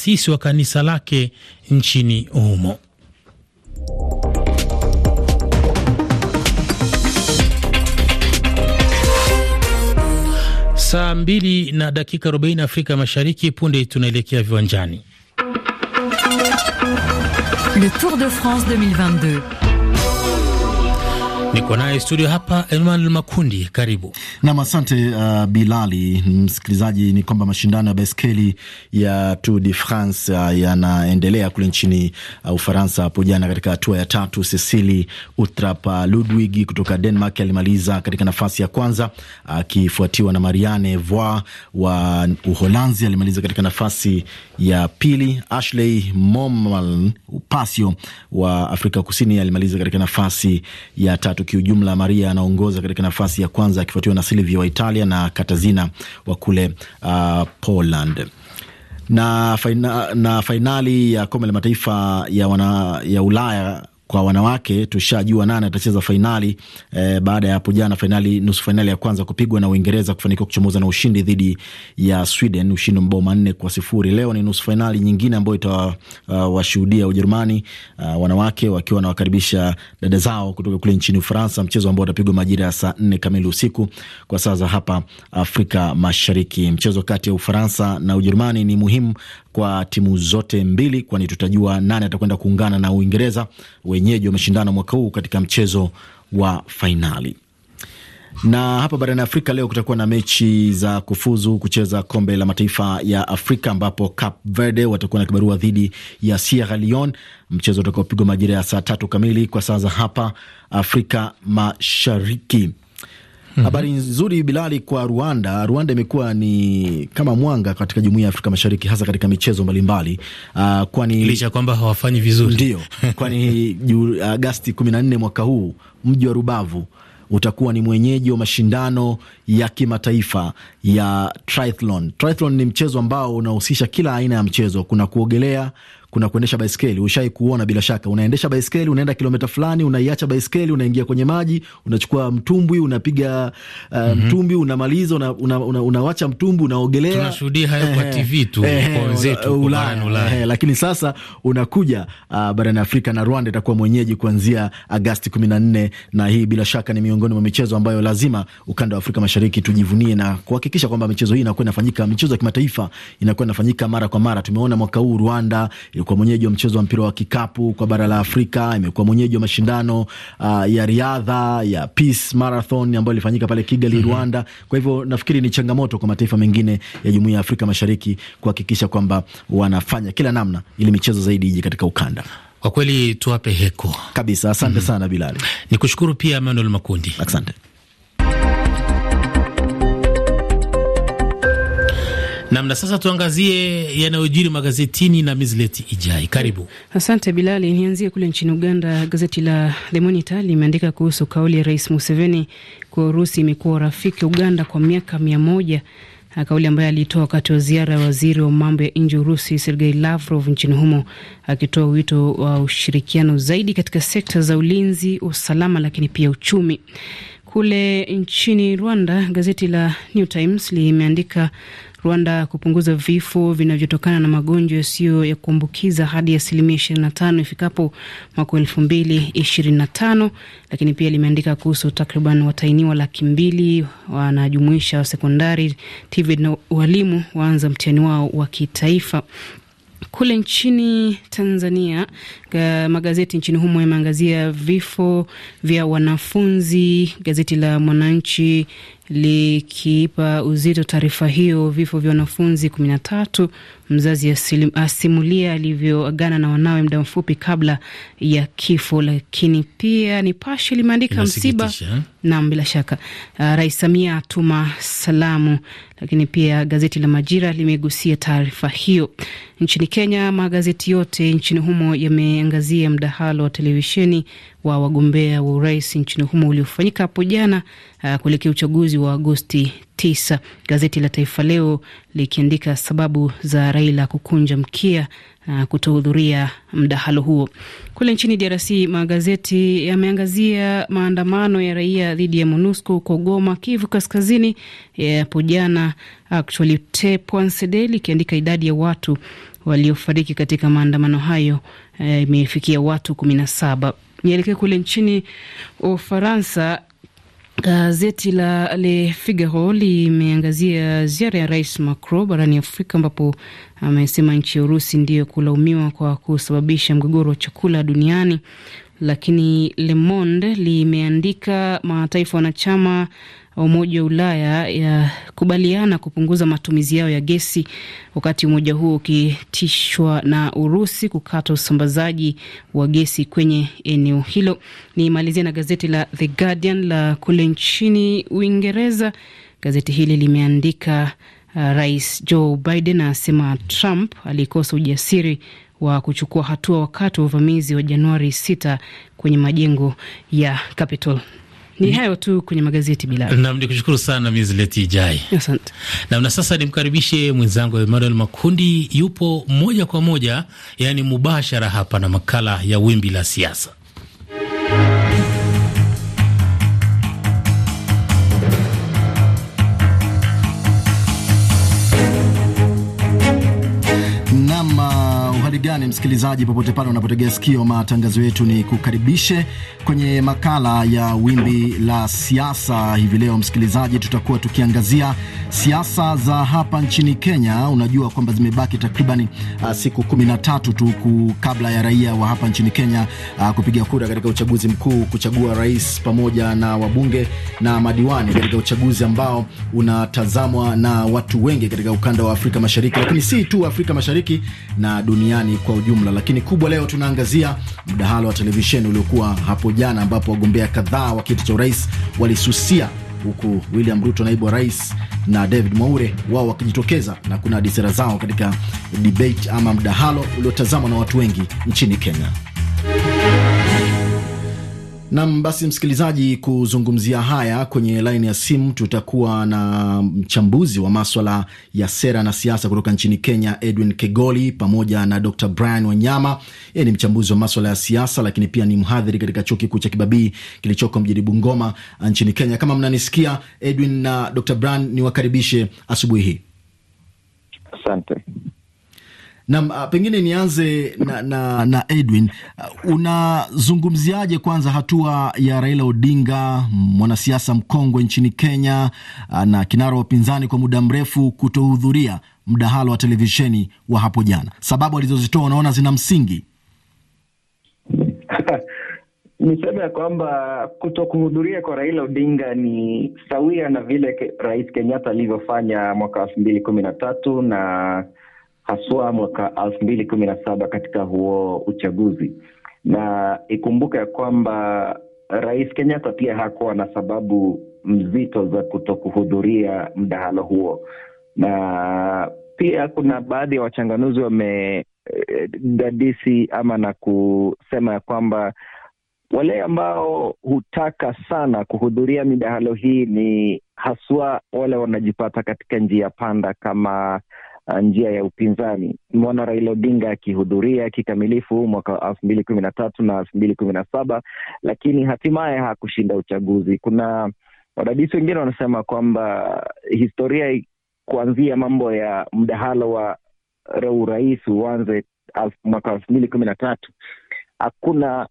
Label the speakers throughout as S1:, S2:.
S1: msisi wa kanisa lake nchini humo. Saa mbili na dakika arobaini Afrika Mashariki. Punde tunaelekea viwanjani.
S2: Le Tour de France 2022
S1: Niko naye studio hapa Emmanuel Makundi, karibu
S2: nam. Asante uh, Bilali. Msikilizaji, ni kwamba mashindano ya baiskeli ya Tour de France uh, yanaendelea kule nchini uh, Ufaransa. Hapo jana katika hatua ya tatu, Cecili Utrap uh, Ludwig kutoka Denmark alimaliza katika nafasi ya kwanza akifuatiwa uh, na Marianne Voi wa Uholanzi alimaliza katika nafasi ya pili. Ashley Momal Pasio wa Afrika Kusini alimaliza katika nafasi ya tatu tatu kiujumla. Maria anaongoza katika nafasi ya kwanza akifuatiwa na Silvia wa Italia na Katazina wa kule uh, Poland. Na, faina, na fainali ya kombe la mataifa ya, wana, ya Ulaya kwa wanawake tushajua nane atacheza fainali e, eh, baada ya hapo jana fainali, nusu fainali ya kwanza kupigwa na Uingereza kufanikiwa kuchomoza na ushindi dhidi ya Sweden, ushindi mabao manne kwa sifuri. Leo ni nusu fainali nyingine ambayo itawashuhudia uh, Ujerumani uh, wanawake wakiwa wanawakaribisha dada zao kutoka kule nchini Ufaransa, mchezo ambao utapigwa majira ya saa nne kamili usiku kwa saa za hapa Afrika Mashariki. Mchezo kati ya Ufaransa na Ujerumani ni muhimu kwa timu zote mbili, kwani tutajua nani atakwenda kuungana na Uingereza, wenyeji wa mashindano mwaka huu katika mchezo wa fainali. Na hapa barani Afrika leo kutakuwa na mechi za kufuzu kucheza kombe la mataifa ya Afrika ambapo cap Verde watakuwa na kibarua dhidi ya Sierra Leone, mchezo utakaopigwa majira ya saa tatu kamili kwa saa za hapa Afrika Mashariki. Mm -hmm. Habari nzuri Bilali, kwa Rwanda. Rwanda imekuwa ni kama mwanga katika jumuiya ya Afrika Mashariki, hasa katika michezo mbalimbali uh, kwani licha
S1: kwamba hawafanyi vizuri ndio,
S2: kwani Agasti kumi na nne mwaka huu mji wa Rubavu utakuwa ni mwenyeji wa mashindano ya kimataifa ya triathlon. Triathlon ni mchezo ambao unahusisha kila aina ya mchezo, kuna kuogelea kuna kuendesha baiskeli. Ushai kuona bila shaka, unaendesha baiskeli, unaenda kilomita fulani, unaiacha baiskeli, unaingia kwenye maji, unachukua mtumbwi, unapiga uh, mm -hmm. mtumbwi unamaliza, unawacha una, una, una mtumbwi, unaogelea. Tunashuhudia hayo kwa TV tu kwa wenzetu barani Ulaya, lakini sasa unakuja uh, barani Afrika na Rwanda itakuwa mwenyeji kuanzia Agasti 14 na hii bila shaka ni miongoni mwa michezo ambayo lazima ukanda wa Afrika Mashariki tujivunie na kuhakikisha kwamba michezo hii inakuwa inafanyika, michezo ya kimataifa inakuwa inafanyika mara kwa mara. Tumeona mwaka huu Rwanda Ilikuwa mwenyeji wa mchezo wa mpira wa kikapu kwa bara la Afrika, imekuwa mwenyeji wa mashindano uh, ya riadha ya Peace Marathon ambayo ilifanyika pale Kigali, mm -hmm. Rwanda. Kwa hivyo nafikiri ni changamoto kwa mataifa mengine ya Jumuiya ya Afrika Mashariki kuhakikisha kwamba wanafanya kila namna ili michezo zaidi iji katika ukanda. Kwa kweli tuwape heko kabisa. Asante mm -hmm. sana Bilali,
S1: ni kushukuru pia Manuel Makundi, asante. Namna sasa, tuangazie yanayojiri magazetini na Mizleti Ijai, karibu.
S3: Asante Bilali, nianzie kule nchini Uganda. Gazeti la The Monitor limeandika kuhusu kauli ya Rais Museveni kuwa Urusi imekuwa rafiki Uganda kwa miaka mia moja, kauli ambayo alitoa wakati wa ziara ya waziri wa mambo ya nje Urusi Sergei Lavrov nchini humo, akitoa wito wa ushirikiano zaidi katika sekta za ulinzi, usalama, lakini pia uchumi. Kule nchini Rwanda, gazeti la New Times limeandika Rwanda kupunguza vifo vinavyotokana na magonjwa yasiyo ya kuambukiza hadi asilimia tano ifikapo mwaka tano lakini pia limeandika kuhusu takriban watainiwa laki mbili wanajumuisha wa sekondari, TVET na walimu waanza mtihani wao wa kitaifa. Kule nchini Tanzania, magazeti nchini humo yameangazia vifo vya wanafunzi. Gazeti la Mwananchi likiipa uzito taarifa hiyo. Vifo vya wanafunzi tatu, mzazi asimulia alivyoagana na wanawe muda mfupi kabla ya kifo. Lakini pia Nipashe limeandika msiba nam, eh? bila shaka uh, Rais Samia atuma salamu. Lakini pia gazeti la Majira limegusia taarifa hiyo. Nchini Kenya, magazeti yote nchini humo yameangazia mdahalo wa televisheni wa wagombea wa urais nchini humo uliofanyika hapo jana uh, kuelekea uchaguzi wa Agosti 9. Gazeti la Taifa Leo likiandika sababu za Raila kukunja mkia na uh, kutohudhuria mdahalo huo. Kule nchini DRC, magazeti yameangazia maandamano ya raia dhidi ya MONUSCO huko Goma, Kivu Kaskazini eh, hapo jana. ikiandika idadi ya watu waliofariki katika maandamano hayo eh, imefikia eh, watu kumi na saba. Nielekee kule nchini Ufaransa. Gazeti la Le Figaro limeangazia ziara ya rais Macron barani Afrika, ambapo amesema nchi ya Urusi ndiyo kulaumiwa kwa kusababisha mgogoro wa chakula duniani. Lakini Le Monde limeandika mataifa wanachama Umoja wa Ulaya yakubaliana kupunguza matumizi yao ya gesi, wakati umoja huo ukitishwa na Urusi kukata usambazaji wa gesi kwenye eneo hilo. malizia na gazeti la The Guardian la kule nchini Uingereza. Gazeti hili limeandika uh, Rais Joe Biden asema Trump alikosa ujasiri wa kuchukua hatua wakati wa uvamizi wa Januari 6 kwenye majengo ya Capitol. Ni hayo tu kwenye magazeti bila. Naam,
S1: nikushukuru sana Mizleti jai Asante. Naam, na sasa nimkaribishe mwenzangu Emmanuel Makundi, yupo moja kwa moja, yaani mubashara hapa na makala ya wimbi la siasa.
S2: gani, msikilizaji, popote pale unapotegea sikio matangazo yetu, ni kukaribishe kwenye makala ya wimbi la siasa. Hivi leo, msikilizaji, tutakuwa tukiangazia siasa za hapa nchini Kenya. Unajua kwamba zimebaki takriban uh, siku kumi na tatu tu kabla ya raia wa hapa nchini Kenya uh, kupiga kura katika uchaguzi mkuu, kuchagua rais pamoja na wabunge na madiwani katika uchaguzi ambao unatazamwa na watu wengi katika ukanda wa Afrika Mashariki, lakini si tu Afrika Mashariki na duniani burudani kwa ujumla, lakini kubwa leo tunaangazia mdahalo wa televisheni uliokuwa hapo jana, ambapo wagombea kadhaa wa kiti cha urais walisusia huku William Ruto naibu wa rais na David Mwaure wao wakijitokeza na kunadi sera zao katika debate ama mdahalo uliotazamwa na watu wengi nchini Kenya. Nam basi, msikilizaji, kuzungumzia haya kwenye laini ya simu tutakuwa na mchambuzi wa maswala ya sera na siasa kutoka nchini Kenya, Edwin Kegoli, pamoja na Dr Brian Wanyama. Yeye ni mchambuzi wa maswala ya siasa, lakini pia ni mhadhiri katika chuo kikuu cha Kibabii kilichoko mjini Bungoma uh, nchini Kenya. Kama mnanisikia, Edwin na Dr Brian, niwakaribishe asubuhi hii. Asante. Naam, ah, pengine nianze na, na, na Edwin, ah, unazungumziaje kwanza hatua ya Raila Odinga, mwanasiasa mkongwe nchini Kenya ah, na kinara wa upinzani kwa muda mrefu, kutohudhuria mdahalo wa televisheni wa hapo jana? Sababu alizozitoa unaona zina msingi?
S4: Niseme ya kwamba kuto kuhudhuria kwa Raila Odinga ni sawia na vile Rais Kenyatta alivyofanya mwaka elfu mbili kumi na tatu na haswa mwaka elfu mbili kumi na saba katika huo uchaguzi, na ikumbuka ya kwamba Rais Kenyatta pia hakuwa na sababu mzito za kutokuhudhuria mdahalo huo, na pia kuna baadhi ya wachanganuzi wamedadisi ama na kusema ya kwamba wale ambao hutaka sana kuhudhuria midahalo hii ni haswa wale wanajipata katika njia panda kama Uh, njia ya upinzani. Mwana Raila Odinga akihudhuria kikamilifu mwaka elfu mbili kumi na tatu na elfu mbili kumi na saba lakini hatimaye hakushinda uchaguzi. Kuna wadadisi wengine wanasema kwamba historia kuanzia mambo ya mdahalo wa urais uanze mwaka elfu mbili kumi na tatu hakuna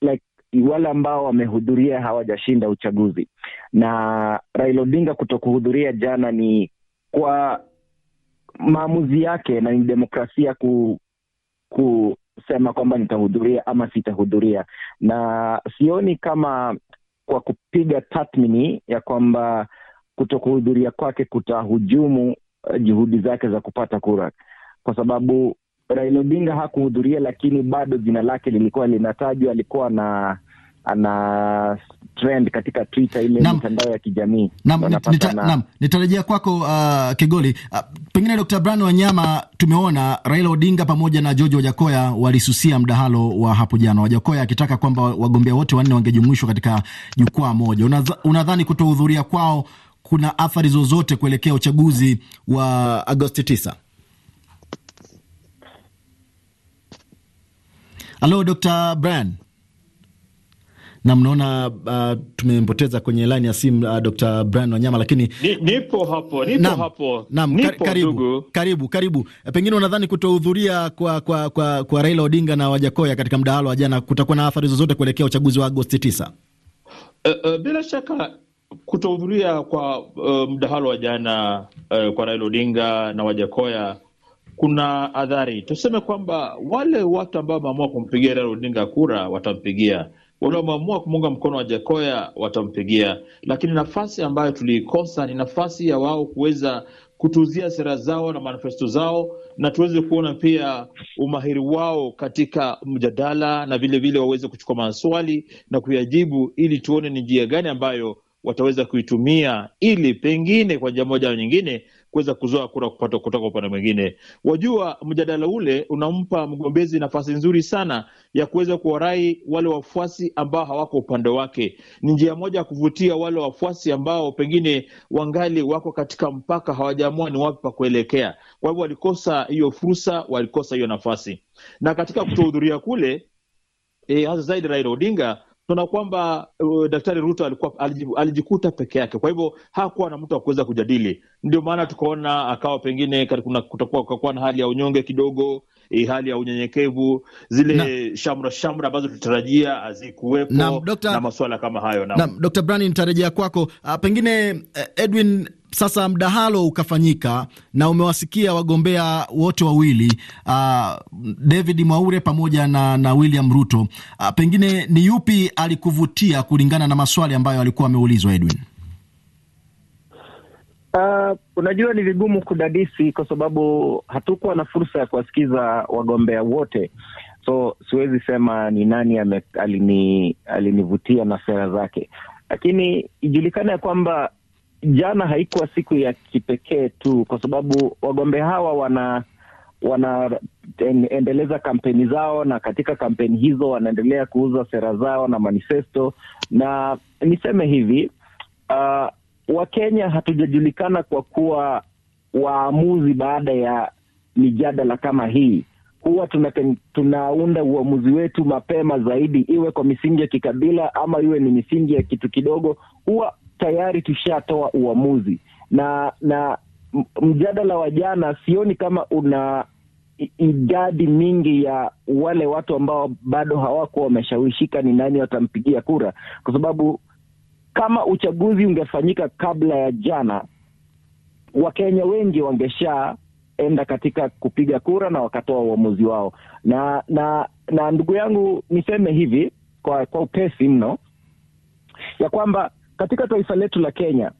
S4: like, wale ambao wamehudhuria hawajashinda uchaguzi, na Raila Odinga kuto kuhudhuria jana ni kwa maamuzi yake na ni demokrasia ku, kusema kwamba nitahudhuria ama sitahudhuria, na sioni kama kwa kupiga tathmini ya kwamba kutokuhudhuria kwake kutahujumu eh, juhudi zake za kupata kura, kwa sababu Raila Odinga hakuhudhuria, lakini bado jina lake lilikuwa linatajwa. Alikuwa na ana trend katika Twitter ile mitandao ya kijamii. Naam,
S2: nitarejea kwako uh, Kigoli. Uh, pengine Dr. Brian Wanyama, tumeona Raila Odinga pamoja na George Wajakoya walisusia mdahalo wa hapo jana, Wajakoya akitaka kwamba wagombea wote wanne wangejumuishwa katika jukwaa moja. Unadhani kutohudhuria kwao kuna athari zozote kuelekea uchaguzi wa Agosti 9? Halo Dr. Brian na mnaona uh, tumempoteza kwenye laini ya simu uh, Dr. Brian Wanyama, lakini Ni,
S5: nipo hapo, nipo nam, hapo. Nam, nipo, karibu, karibu,
S2: karibu karibu. Eh, pengine unadhani kutohudhuria kwa, kwa, kwa, kwa Raila Odinga na Wajakoya katika mdahalo wa jana kutakuwa na athari zozote kuelekea uchaguzi wa Agosti 9?
S5: Uh, uh, bila shaka kutohudhuria kwa uh, mdahalo wa jana uh, kwa Raila Odinga na Wajakoya kuna adhari. Tuseme kwamba wale watu ambao wameamua kumpigia Raila Odinga kura watampigia wameamua kumuunga mkono wa Jakoya watampigia, lakini nafasi ambayo tuliikosa ni nafasi ya wao kuweza kutuzia sera zao na manifesto zao na tuweze kuona pia umahiri wao katika mjadala na vilevile waweze kuchukua maswali na kuyajibu, ili tuone ni njia gani ambayo wataweza kuitumia ili pengine kwa njia moja au nyingine kuweza kuzoa kura kupata kutoka upande mwingine. Wajua, mjadala ule unampa mgombezi nafasi nzuri sana ya kuweza kuwarai wale wafuasi ambao hawako upande wake. Ni njia moja ya kuvutia wale wafuasi ambao pengine wangali wako katika mpaka, hawajaamua ni wapi pa kuelekea. Kwa hivyo walikosa hiyo fursa, walikosa hiyo nafasi, na katika kutohudhuria kule, e, hasa zaidi Raila Odinga tunaona kwamba uh, Daktari Ruto alikuwa alijikuta peke yake, kwa hivyo hakuwa na mtu wa kuweza kujadili. Ndio maana tukaona akawa pengine kutakuwa na hali ya unyonge kidogo, eh, hali ya unyenyekevu, zile na, shamra shamra ambazo tulitarajia hazikuwepo na, na masuala kama hayo. na,
S2: Dr. Brani, nitarejea kwako. Uh, pengine uh, Edwin sasa mdahalo ukafanyika na umewasikia wagombea wote wawili uh, David Mwaure pamoja na, na William Ruto uh, pengine ni yupi alikuvutia kulingana na maswali ambayo alikuwa ameulizwa Edwin?
S4: Uh, unajua ni vigumu kudadisi kwa sababu hatukuwa na fursa ya kuwasikiza wagombea wote, so siwezi sema ni nani alinivutia alini na sera zake, lakini ijulikana ya kwamba jana haikuwa siku ya kipekee tu, kwa sababu wagombea hawa wana wanaendeleza kampeni zao, na katika kampeni hizo wanaendelea kuuza sera zao na manifesto, na niseme hivi uh, Wakenya hatujajulikana kwa kuwa waamuzi baada ya mijadala kama hii huwa tunaunda tunaunda uamuzi wetu mapema zaidi, iwe kwa misingi ya kikabila ama iwe ni misingi ya kitu kidogo, huwa tayari tushatoa uamuzi na na mjadala wa jana sioni kama una idadi mingi ya wale watu ambao bado hawakuwa wameshawishika ni nani watampigia kura, kwa sababu kama uchaguzi ungefanyika kabla ya jana, Wakenya wengi wangeshaenda katika kupiga kura na wakatoa uamuzi wao. Na na na ndugu yangu, niseme hivi kwa, kwa upesi mno ya kwamba katika taifa letu la Kenya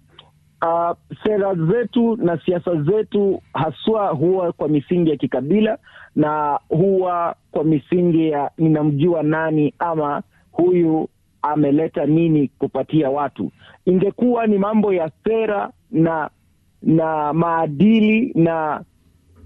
S4: uh, sera zetu na siasa zetu haswa huwa kwa misingi ya kikabila na huwa kwa misingi ya ninamjua nani ama huyu ameleta nini kupatia watu. Ingekuwa ni mambo ya sera na na maadili na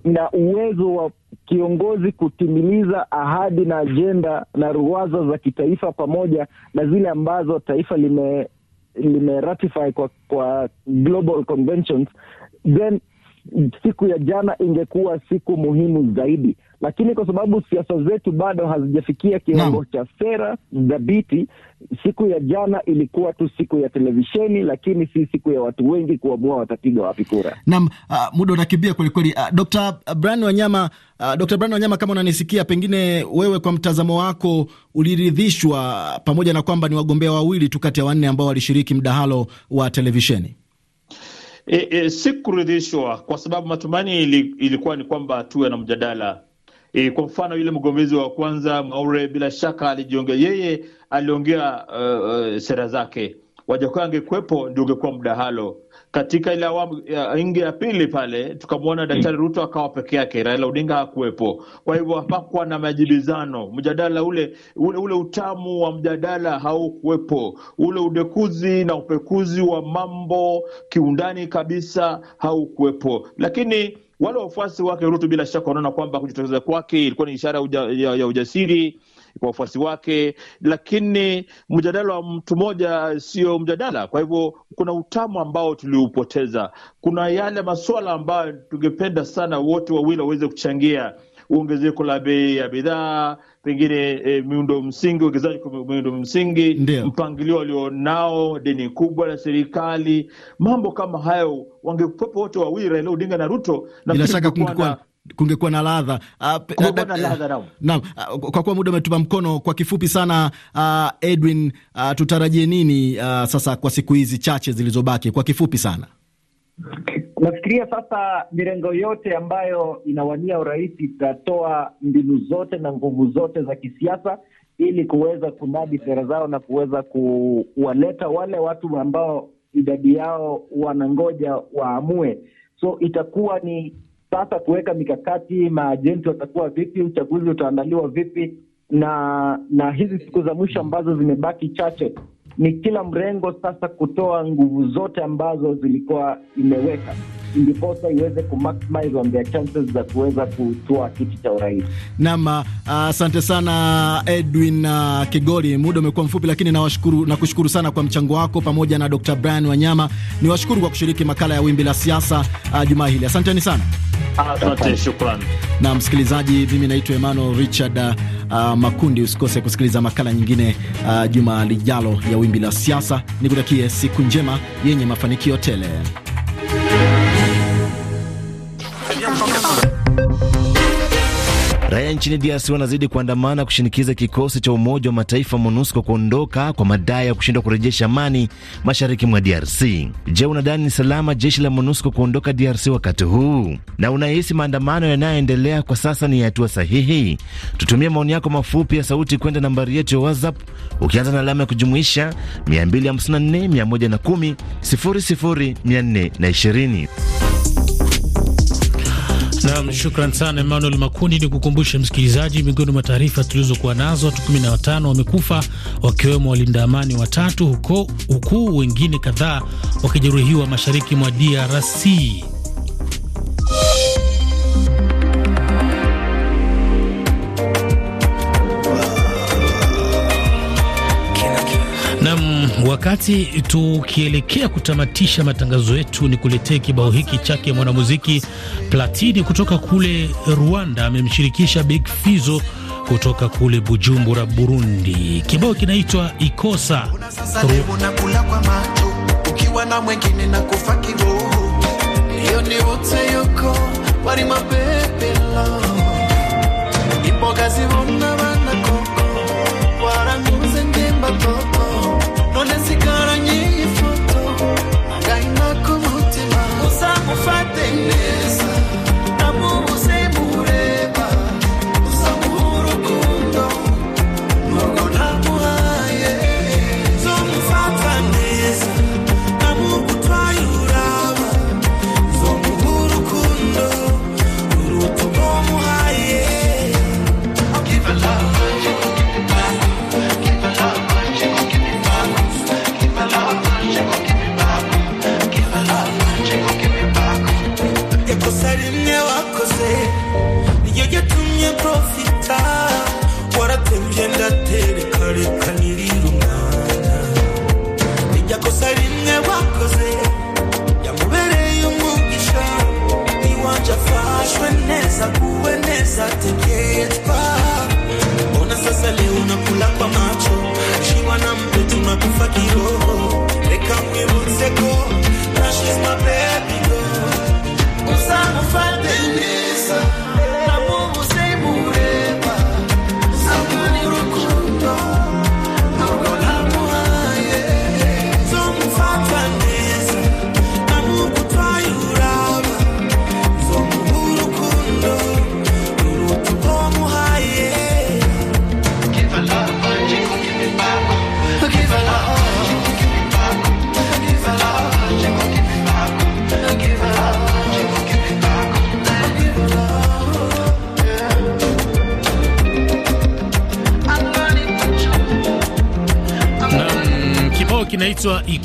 S4: na uwezo wa kiongozi kutimiliza ahadi na ajenda na ruwaza za kitaifa pamoja na zile ambazo taifa lime limeratify kwa, kwa global conventions then siku ya jana ingekuwa siku muhimu zaidi lakini kwa sababu siasa zetu bado hazijafikia kiwango cha sera dhabiti, siku ya jana ilikuwa tu siku ya televisheni, lakini si siku ya watu wengi kuamua watapiga wapi kura.
S2: Naam, uh, muda unakimbia kwelikweli. Uh, ah, Dr. Brian Wanyama, uh, ah, Dr. Brian Wanyama, kama unanisikia, pengine wewe kwa mtazamo wako uliridhishwa, pamoja na kwamba ni wagombea wawili tu kati ya wanne ambao walishiriki mdahalo wa televisheni?
S5: E, e, sikuridhishwa kwa sababu matumaini ili, ilikuwa ni kwamba tuwe na mjadala E, kwa mfano yule mgombezi wa kwanza maure bila shaka alijiongea, yeye aliongea uh, sera zake. Wajakoya angekuwepo ndio ungekuwa mdahalo. Katika ile awamu ingi ya pili pale tukamwona Daktari mm. Ruto akawa peke yake, Raila Odinga hakuwepo. Kwa hivyo hapakuwa na majibizano, mjadala ule, ule ule utamu wa mjadala haukuwepo, ule udekuzi na upekuzi wa mambo kiundani kabisa haukuwepo, lakini wale wafuasi wake Ruto bila shaka wanaona kwamba kujitokeza kwake ilikuwa ni ishara uja, ya, ya ujasiri kwa wafuasi wake, lakini mjadala wa mtu mmoja sio mjadala. Kwa hivyo kuna utamu ambao tuliupoteza, kuna yale masuala ambayo tungependa sana wote wawili waweze kuchangia uongezeko la bei ya bidhaa pengine e, miundo msingi, uwekezaji kwa miundo msingi mpangilio walionao, deni kubwa la serikali, mambo kama hayo, wangekwepo wote wawili, Raila Odinga na Ruto, bila shaka kungekuwa
S2: kungekuwa na ah, ladha naam. Ah, kwa kuwa muda umetupa mkono, kwa kifupi sana uh, Edwin uh, tutarajie nini uh, sasa kwa siku hizi chache zilizobaki? Kwa kifupi sana
S4: Unafikiria sasa mirengo yote ambayo inawania urais itatoa mbinu zote na nguvu zote za kisiasa ili kuweza kunadi sera zao na kuweza kuwaleta wale watu ambao idadi yao wanangoja waamue. So itakuwa ni sasa kuweka mikakati, maajenti watakuwa vipi, uchaguzi utaandaliwa vipi, na na hizi siku za mwisho ambazo zimebaki chache ni kila mrengo sasa kutoa nguvu zote ambazo zilikuwa imeweka ndiposa iweze kumaximize on their chances za kuweza kutoa kiti cha urais.
S2: Naam, ah, asante uh, sana Edwin uh, Kigoli, muda umekuwa mfupi, lakini nawashukuru na kushukuru sana kwa mchango wako pamoja na Dr. Brian Wanyama. Niwashukuru kwa kushiriki makala ya wimbi la siasa uh, jumaa hili. Asanteni sana.
S5: Asante, shukrani.
S2: Na msikilizaji, mimi naitwa Emmanuel Richard uh, Makundi. Usikose kusikiliza makala nyingine uh, juma lijalo ya wimbi la siasa. Nikutakie siku njema yenye mafanikio tele. Raia nchini DRC wanazidi kuandamana kushinikiza kikosi cha Umoja wa Mataifa MONUSCO kuondoka kwa madai ya kushindwa kurejesha amani mashariki mwa DRC. Je, unadhani ni salama jeshi la MONUSCO kuondoka DRC wakati huu, na unahisi maandamano yanayoendelea kwa sasa ni hatua sahihi? Tutumie maoni yako mafupi ya sauti kwenda nambari yetu ya WhatsApp ukianza na alama ya kujumuisha 254 110 000 420.
S1: Nam, shukran sana Emmanuel Makundi. Ni kukumbushe msikilizaji, miongoni mwa taarifa tulizokuwa nazo, watu 15 wamekufa wakiwemo walinda amani watatu huko, huku wengine kadhaa wakijeruhiwa mashariki mwa DRC. Wakati tukielekea kutamatisha matangazo yetu, ni kuletea kibao hiki chake mwanamuziki Platini kutoka kule Rwanda. Amemshirikisha Big Fizo kutoka kule Bujumbura, Burundi. Kibao kinaitwa Ikosa.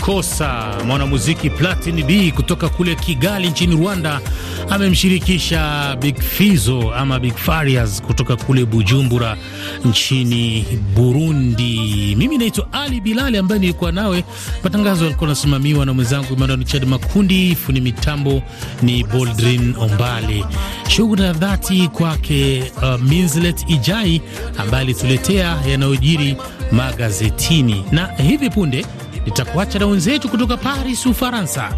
S1: Kosa, mwanamuziki Platin B kutoka kule Kigali nchini Rwanda, amemshirikisha Big Fizo ama Big Farias kutoka kule Bujumbura nchini Burundi. Mimi naitwa Ali Bilali ambaye nilikuwa nawe. Matangazo yalikuwa anasimamiwa na mwenzangu Imanuel Chad Makundi, funi mitambo ni Boldrin Ombali. Shughuli ya dhati kwake uh, Minslet Ijai ambaye alituletea yanayojiri magazetini na hivi punde nitakuacha na wenzetu kutoka Paris, Ufaransa.